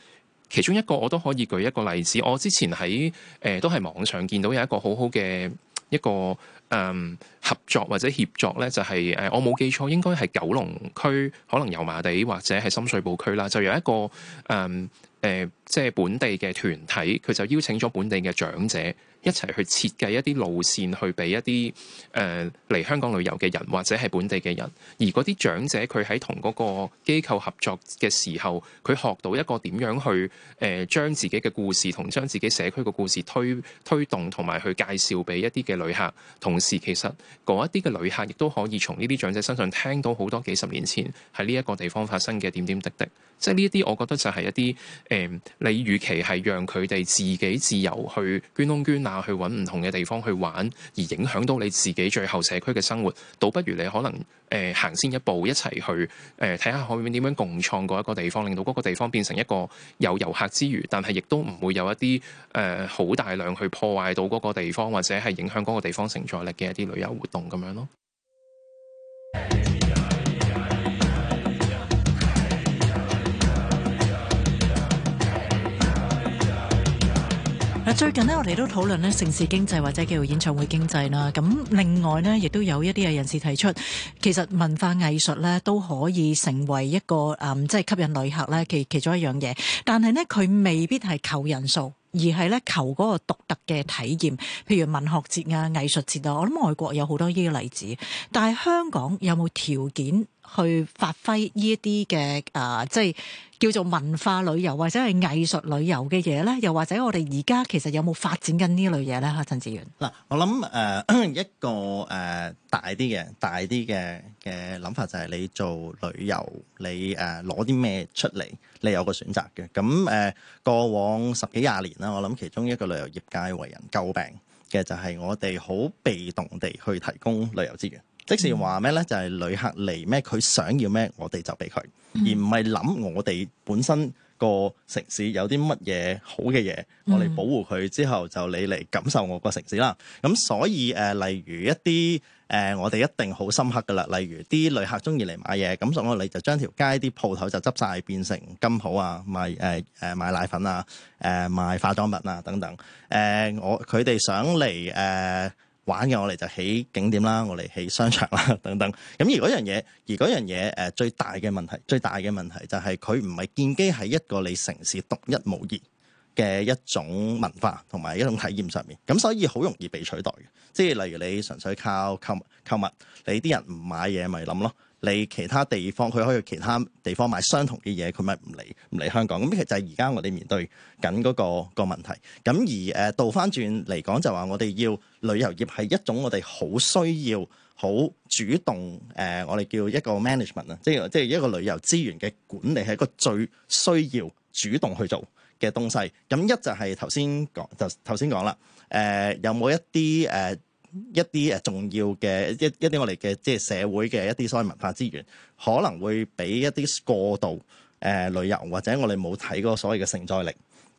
其中一個我都可以舉一個例子。我之前喺誒、呃、都係網上見到有一個好好嘅一個誒、嗯、合作或者協作咧、就係，就係誒我冇記錯應該係九龍區可能油麻地或者係深水埗區啦，就有一個誒誒即係本地嘅團體，佢就邀請咗本地嘅長者。一齊去設計一啲路線去俾一啲誒嚟香港旅遊嘅人，或者係本地嘅人。而嗰啲長者，佢喺同嗰個機構合作嘅時候，佢學到一個點樣去誒、呃、將自己嘅故事同將自己社區嘅故事推推動同埋去介紹俾一啲嘅旅客。同時其實嗰一啲嘅旅客亦都可以從呢啲長者身上聽到好多幾十年前喺呢一個地方發生嘅點點滴滴。即係呢一啲，我覺得就係一啲誒、呃、你與其係讓佢哋自己自由去捐窿捐罅啊！去揾唔同嘅地方去玩，而影響到你自己最後社區嘅生活，倒不如你可能誒行、呃、先一步一，一齊去誒睇下可唔可以點樣共創嗰一個地方，令到嗰個地方變成一個有遊客之餘，但係亦都唔會有一啲誒好大量去破壞到嗰個地方，或者係影響嗰個地方承載力嘅一啲旅遊活動咁樣咯。最近呢，我哋都討論呢城市經濟或者叫做演唱會經濟啦。咁另外呢，亦都有一啲嘅人士提出，其實文化藝術呢都可以成為一個誒，即係吸引旅客咧其其中一樣嘢。但係呢，佢未必係求人數，而係咧求嗰個獨特嘅體驗，譬如文學節啊、藝術節啊。我諗外國有好多呢個例子，但係香港有冇條件？去發揮呢一啲嘅誒，即係叫做文化旅遊或者係藝術旅遊嘅嘢咧，又或者我哋而家其實有冇發展緊呢類嘢咧？哈，陳智遠。嗱，我諗誒一個誒、呃、大啲嘅大啲嘅嘅諗法就係你做旅遊，你誒攞啲咩出嚟，你有個選擇嘅。咁誒、呃、過往十幾廿年啦，我諗其中一個旅遊業界為人詬病嘅就係我哋好被動地去提供旅遊資源。即係話咩咧？就係旅客嚟咩，佢想要咩，我哋就俾佢，而唔係諗我哋本身個城市有啲乜嘢好嘅嘢，我嚟保護佢之後，就你嚟感受我個城市啦。咁所以誒，例如一啲誒，我哋一定好深刻噶啦。例如啲旅客中意嚟買嘢，咁所以我哋就將條街啲鋪頭就執晒，變成金鋪啊，賣誒誒賣奶粉啊，誒賣化妝品啊等等。誒我佢哋想嚟誒，玩嘅我哋就起景點啦，我哋起商場啦，等等。咁而嗰樣嘢，而嗰樣嘢誒最大嘅問題，最大嘅問題就係佢唔係建基喺一個你城市獨一無二嘅一種文化同埋一種體驗上面。咁所以好容易被取代嘅。即係例如你純粹靠購物購物，你啲人唔買嘢咪諗咯。你其他地方，佢可以去其他地方買相同嘅嘢，佢咪唔嚟唔嚟香港？咁其實就係而家我哋面對緊嗰個個問題。咁而誒倒翻轉嚟講，就話我哋要旅遊業係一種我哋好需要、好主動誒、呃，我哋叫一個 management 啊，即係即係一個旅遊資源嘅管理，係一個最需要主動去做嘅東西。咁一就係頭先講，就頭先講啦。誒、呃、有冇一啲誒。呃一啲誒重要嘅一一啲我哋嘅即係社會嘅一啲所謂文化資源，可能會俾一啲過度誒、呃、旅遊或者我哋冇睇過所謂嘅承載力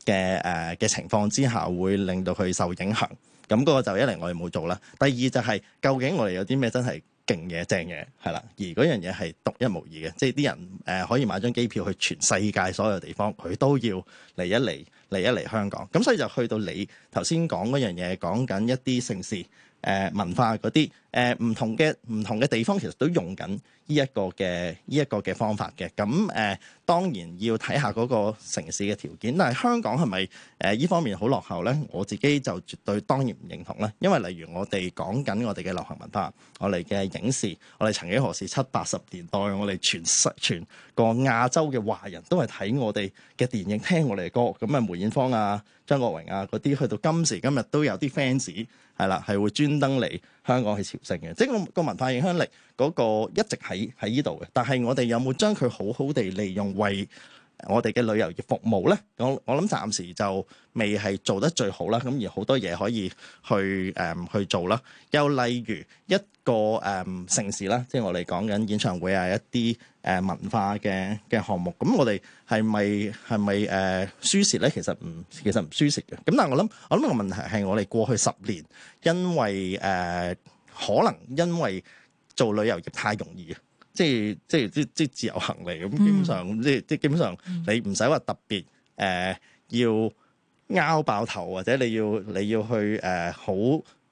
嘅誒嘅情況之下，會令到佢受影響，咁嗰個就一嚟我哋冇做啦。第二就係、是、究竟我哋有啲咩真係勁嘢正嘢係啦，而嗰樣嘢係獨一無二嘅，即係啲人誒、呃、可以買張機票去全世界所有地方，佢都要嚟一嚟嚟一嚟香港。咁所以就去到你頭先講嗰樣嘢，講緊一啲城市。誒、呃、文化嗰啲誒唔同嘅唔同嘅地方，其實都用緊呢一個嘅依一個嘅方法嘅。咁、呃、誒當然要睇下嗰個城市嘅條件。但係香港係咪誒依方面好落後呢？我自己就絕對當然唔認同咧。因為例如我哋講緊我哋嘅流行文化，我哋嘅影視，我哋曾幾何時七八十年代，我哋全世全個亞洲嘅華人都係睇我哋嘅電影，聽我哋嘅歌。咁、嗯、啊梅艷芳啊張國榮啊嗰啲，去到今時今日都有啲 fans。係啦，係會專登嚟香港去朝聖嘅，即係個個文化影響力嗰個一直喺喺呢度嘅。但係我哋有冇將佢好好地利用為，我哋嘅旅遊業服務咧，我我諗暫時就未係做得最好啦。咁而好多嘢可以去誒去做啦。又例如一個誒城市啦，即係我哋講緊演唱會啊，一啲誒文化嘅嘅項目。咁我哋係咪係咪誒輸蝕咧？其實唔其實唔輸蝕嘅。咁但係我諗我諗個問題係我哋過去十年，因為誒可能因為做旅遊業太容易啊。即係即係即即自由行嚟咁，基本上、嗯、即即基本上你唔使話特別誒、呃、要拗爆頭，或者你要你要去誒、呃、好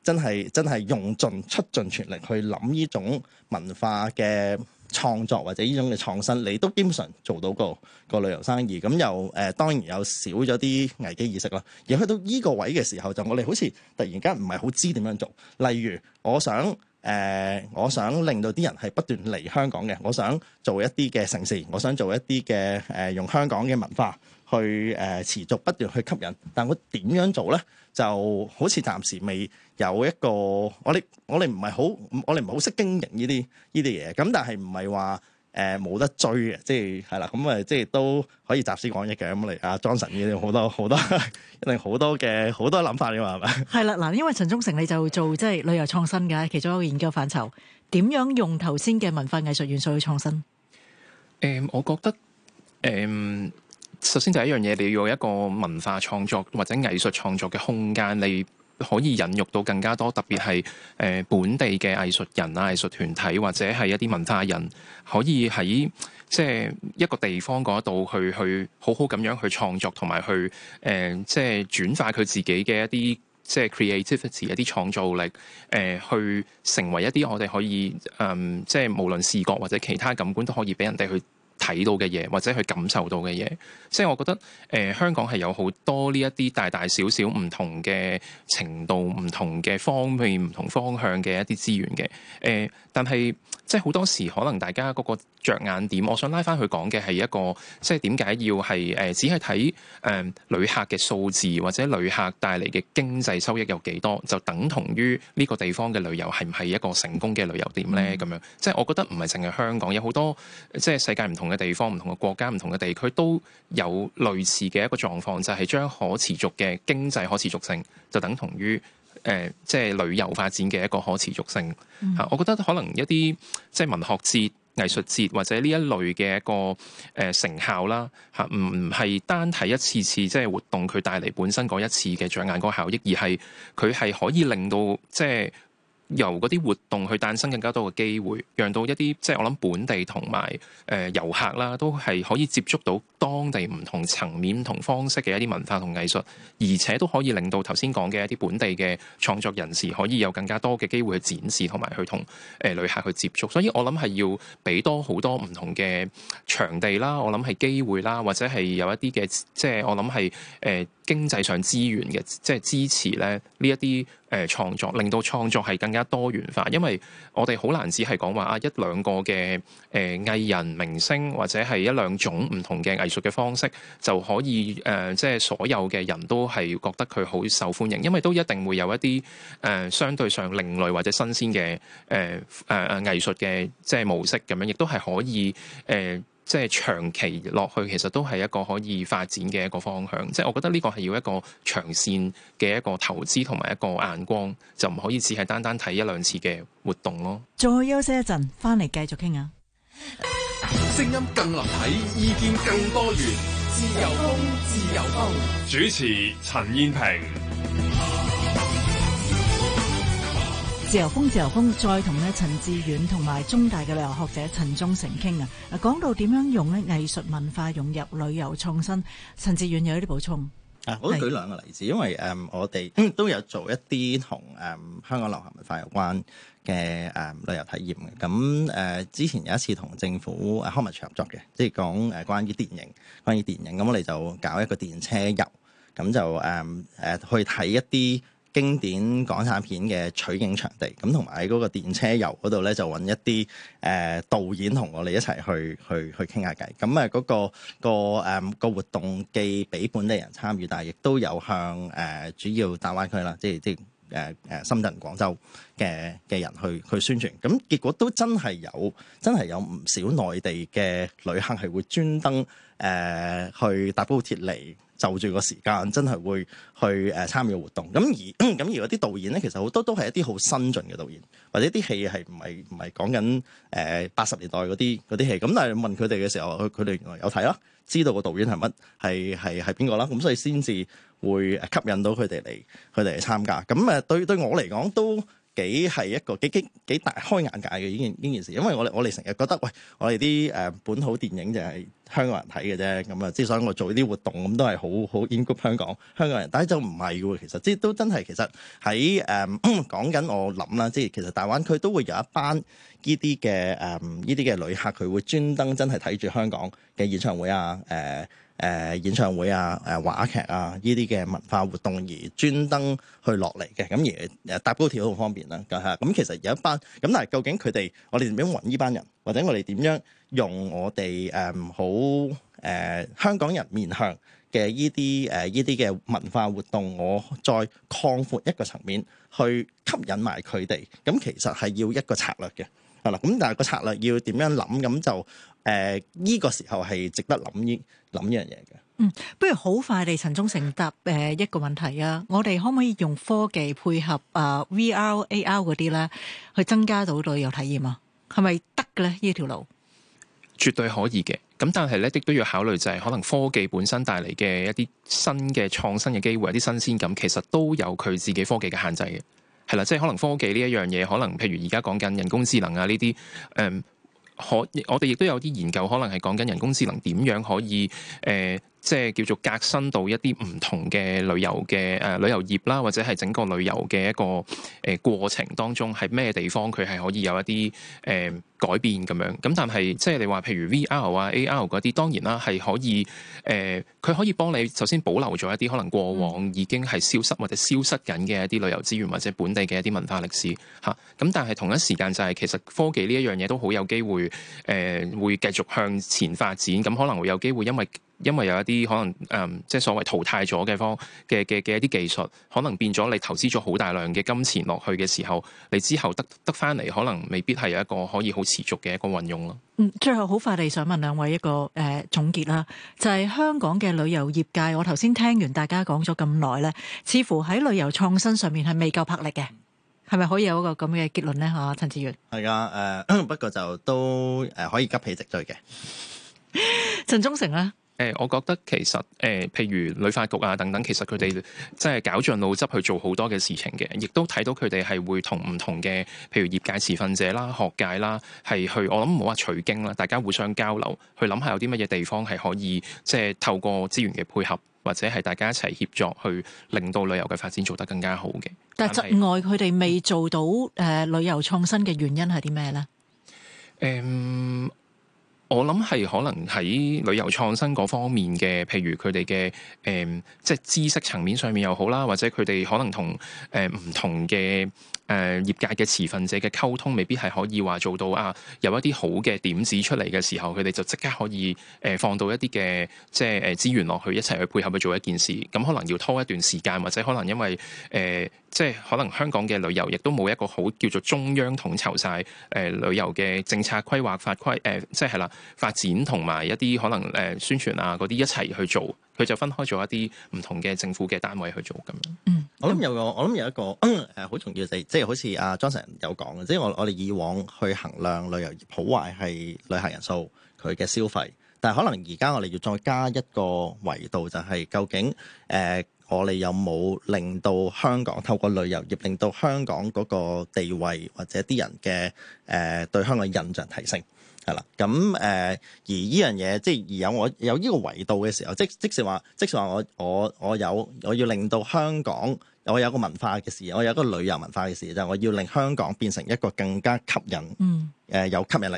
真係真係用盡出盡全力去諗呢種文化嘅創作或者呢種嘅創新，你都基本上做到個個旅遊生意咁又誒、呃，當然有少咗啲危機意識啦。而去到依個位嘅時候，就我哋好似突然間唔係好知點樣做，例如我想。誒、呃，我想令到啲人係不斷嚟香港嘅，我想做一啲嘅城市，我想做一啲嘅誒，用香港嘅文化去誒、呃、持續不斷去吸引。但我點樣做咧？就好似暫時未有一個，我哋我哋唔係好，我哋唔係好識經營呢啲呢啲嘢。咁但係唔係話。誒冇、呃、得追嘅，即係係啦，咁啊，即係都可以集思廣益嘅。咁嚟阿莊臣已經啲好多好多一定好多嘅好多諗法你話，係咪？係啦，嗱，因為陳宗誠你就做即係、就是、旅遊創新嘅其中一個研究範疇，點樣用頭先嘅文化藝術元素去創新？誒、嗯，我覺得誒、嗯，首先就一樣嘢，你要有一個文化創作或者藝術創作嘅空間，你，可以引育到更加多，特別係誒本地嘅藝術人啊、藝術團體或者係一啲文化人，可以喺即係一個地方嗰度去去好好咁樣去創作，同埋去誒即係轉化佢自己嘅一啲即係、就是、creativity 一啲創造力，誒、呃、去成為一啲我哋可以誒即係無論視覺或者其他感官都可以俾人哋去。睇到嘅嘢或者去感受到嘅嘢，即係我覺得誒、呃，香港係有好多呢一啲大大小小唔同嘅程度、唔同嘅方面、唔同方向嘅一啲資源嘅誒、呃，但係。即係好多時可能大家嗰個着眼點，我想拉翻去講嘅係一個，即係點解要係誒、呃、只係睇誒旅客嘅數字或者旅客帶嚟嘅經濟收益有幾多，就等同於呢個地方嘅旅遊係唔係一個成功嘅旅遊點呢？咁樣，即係我覺得唔係淨係香港，有好多即係世界唔同嘅地方、唔同嘅國家、唔同嘅地區都有類似嘅一個狀況，就係、是、將可持續嘅經濟可持續性就等同於。誒、呃，即係旅遊發展嘅一個可持續性嚇、嗯啊，我覺得可能一啲即係文學節、藝術節或者呢一類嘅一個誒、呃、成效啦嚇，唔、啊、唔係單睇一次次即係活動佢帶嚟本身嗰一次嘅着眼個效益，而係佢係可以令到即係。由嗰啲活動去誕生更加多嘅機會，讓到一啲即係我諗本地同埋誒遊客啦，都係可以接觸到當地唔同層面同方式嘅一啲文化同藝術，而且都可以令到頭先講嘅一啲本地嘅創作人士可以有更加多嘅機會去展示同埋去同誒旅客去接觸。所以我諗係要俾多好多唔同嘅場地啦，我諗係機會啦，或者係有一啲嘅即係我諗係誒。呃經濟上資源嘅即係支持咧，呢一啲誒創作，令到創作係更加多元化。因為我哋好難只係講話啊一兩個嘅誒藝人明星或者係一兩種唔同嘅藝術嘅方式就可以誒，即、呃、係所有嘅人都係覺得佢好受歡迎。因為都一定會有一啲誒、呃、相對上另類或者新鮮嘅誒誒誒藝術嘅即係模式咁樣，亦都係可以誒。呃即係長期落去，其實都係一個可以發展嘅一個方向。即係我覺得呢個係要一個長線嘅一個投資同埋一個眼光，就唔可以只係單單睇一兩次嘅活動咯。再休息一陣，翻嚟繼續傾啊！聲音更立體，意見更多元，自由風，自由風。主持：陳燕萍。自由風，自由風，再同咧陳智遠同埋中大嘅旅遊學者陳宗誠傾啊！講到點樣用咧藝術文化融入旅遊創新，陳智遠有啲補充。啊，我都舉兩個例子，的因為誒、嗯、我哋都有做一啲同誒香港流行文化有關嘅誒、嗯、旅遊體驗嘅。咁誒、呃、之前有一次同政府 Hommage 合作嘅，即係講誒關於電影，關於電影咁，我哋就搞一個電車遊，咁就誒誒、嗯呃、去睇一啲。經典港產片嘅取景場地，咁同埋喺嗰個電車遊嗰度咧，就搵一啲誒導演同我哋一齊去去去傾下偈。咁、嗯、啊，嗰、那個個誒、呃、活動既俾本地人參與，但係亦都有向誒、呃、主要大灣區啦，即係即。誒誒、啊啊，深圳、廣州嘅嘅人去去宣傳，咁、嗯、結果都真係有，真係有唔少內地嘅旅客係會專登誒、呃、去搭高鐵嚟，就住個時間，真係會去誒、呃、參與活動。咁、嗯、而咁、嗯、而嗰啲導演咧，其實好多都係一啲好新進嘅導演，或者啲戲係唔係唔係講緊誒八十年代嗰啲啲戲。咁但係問佢哋嘅時候，佢哋原來有睇啦，知道個導演係乜係係係邊個啦，咁所以先至。會吸引到佢哋嚟，佢哋嚟參加。咁啊，對對我嚟講都幾係一個幾幾幾大開眼界嘅呢件呢件事。因為我我哋成日覺得，喂，我哋啲誒本土電影就係香港人睇嘅啫。咁、嗯、啊，之所以我做呢啲活動咁都係好好 include 香港香港人，但係就唔係嘅喎。其實即都真係其實喺誒講緊我諗啦。即係其實大灣區都會有一班依啲嘅誒依啲嘅旅客，佢會專登真係睇住香港嘅演唱會啊誒。呃誒、呃、演唱會啊、誒、呃、話劇啊呢啲嘅文化活動而專登去落嚟嘅，咁而誒搭高鐵都好方便啦，咁嚇。咁其實有一班，咁但係究竟佢哋我哋點樣搵呢班人，或者我哋點樣用我哋唔、呃、好誒、呃、香港人面向嘅依啲誒依啲嘅文化活動，我再擴闊一個層面去吸引埋佢哋，咁其實係要一個策略嘅。係啦，咁但係個策略要點樣諗，咁就誒呢、呃呢個時候係值得諗呢諗呢樣嘢嘅。嗯，不如好快地，陳宗誠答誒一個問題啊！我哋可唔可以用科技配合誒、呃、V R A R 嗰啲咧，去增加到旅遊體驗啊？係咪得嘅咧呢條路？絕對可以嘅，咁但係咧，亦都要考慮就係可能科技本身帶嚟嘅一啲新嘅創新嘅機會，一啲新鮮感，其實都有佢自己科技嘅限制嘅。係啦，即係可能科技呢一樣嘢，可能譬如而家講緊人工智能啊呢啲，誒、嗯，可我哋亦都有啲研究，可能係講緊人工智能點樣可以誒。呃即係叫做革新到一啲唔同嘅旅遊嘅誒旅遊業啦，或者係整個旅遊嘅一個誒、呃、過程當中係咩地方佢係可以有一啲誒、呃、改變咁樣。咁但係即係你話譬如 VR 啊 AR 嗰啲，當然啦係可以誒，佢、呃、可以幫你首先保留咗一啲可能過往已經係消失或者消失緊嘅一啲旅遊資源或者本地嘅一啲文化歷史嚇。咁、呃、但係同一時間就係、是、其實科技呢一樣嘢都好有機會誒、呃，會繼續向前發展咁，可能會有機會因為。因為有一啲可能誒、嗯，即係所謂淘汰咗嘅方嘅嘅嘅一啲技術，可能變咗你投資咗好大量嘅金錢落去嘅時候，你之後得得翻嚟，可能未必係有一個可以好持續嘅一個運用咯。嗯，最後好快地想問兩位一個誒總結啦，就係、是、香港嘅旅遊業界，我頭先聽完大家講咗咁耐咧，似乎喺旅遊創新上面係未夠魄力嘅，係咪可以有一個咁嘅結論咧？嚇、啊，陳智遠？係啊，誒，不過就都誒可以急起直追嘅。陳宗誠咧？誒、呃，我覺得其實誒、呃，譬如旅發局啊等等，其實佢哋即係絞盡腦汁去做好多嘅事情嘅，亦都睇到佢哋係會同唔同嘅，譬如業界持份者啦、學界啦，係去我諗冇話取經啦，大家互相交流，去諗下有啲乜嘢地方係可以即係透過資源嘅配合，或者係大家一齊協助，去令到旅遊嘅發展做得更加好嘅。但係外佢哋未做到誒旅遊創新嘅原因係啲咩呢？誒我諗係可能喺旅遊創新嗰方面嘅，譬如佢哋嘅誒，即係知識層面上面又好啦，或者佢哋可能、呃、同誒唔同嘅誒業界嘅持份者嘅溝通，未必係可以話做到啊，有一啲好嘅點子出嚟嘅時候，佢哋就即刻可以誒、呃、放到一啲嘅即係誒、呃、資源落去，一齊去配合去做一件事。咁可能要拖一段時間，或者可能因為誒、呃，即係可能香港嘅旅遊亦都冇一個好叫做中央統籌晒誒、呃呃、旅遊嘅政策規劃法規誒，即係啦。發展同埋一啲可能誒宣傳啊嗰啲一齊去做，佢就分開咗一啲唔同嘅政府嘅單位去做咁樣。嗯，我諗有個，我諗有一個誒好 重要就即、是、係好似阿 Johnson 有講嘅，即、就、係、是、我我哋以往去衡量旅遊業好壞係旅客人數佢嘅消費，但係可能而家我哋要再加一個維度，就係、是、究竟誒、呃、我哋有冇令到香港透過旅遊業令到香港嗰個地位或者啲人嘅誒、呃、對香港印象提升？係啦，咁誒，而依樣嘢，即係而有我有依個維度嘅時候，即即係話，即係話，我我我有我要令到香港，我有個文化嘅事，我有一個旅遊文化嘅事，就係、是、我要令香港變成一個更加吸引，誒、嗯呃、有吸引力。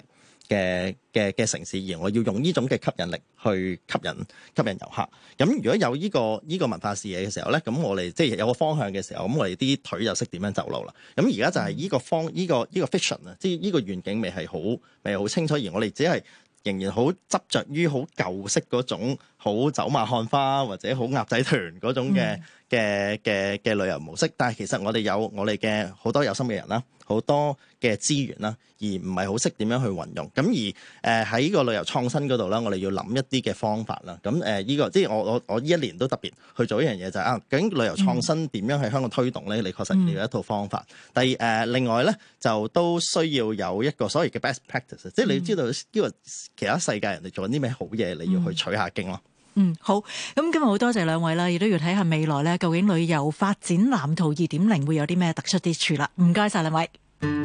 嘅嘅嘅城市，而我要用呢種嘅吸引力去吸引吸引遊客，咁如果有呢個呢個文化視野嘅時候咧，咁我哋即係有個方向嘅時候，咁我哋啲腿就識點樣走路啦。咁而家就係呢個方呢個呢個 fiction 啊，即係呢個願景未係好未係好清楚，而我哋只係仍然好執着於好舊式嗰種。好走馬看花或者好鴨仔團嗰種嘅嘅嘅嘅旅遊模式，但係其實我哋有我哋嘅好多有心嘅人啦，好多嘅資源啦，而唔係好識點樣去運用。咁而誒喺、呃、個旅遊創新嗰度啦，我哋要諗一啲嘅方法啦。咁誒呢個即係我我我呢一年都特別去做一樣嘢就係、是、啊，究竟旅遊創新點樣喺香港推動咧？嗯、你確實要有一套方法。第二、呃、另外咧就都需要有一個所謂嘅 best practice，即係你知道呢個、嗯、其他世界人哋做緊啲咩好嘢，你要去取下經咯。嗯，好。咁今日好多謝兩位啦，亦都要睇下未來咧，究竟旅遊發展藍圖2.0會有啲咩突出之處啦？唔該晒，兩位。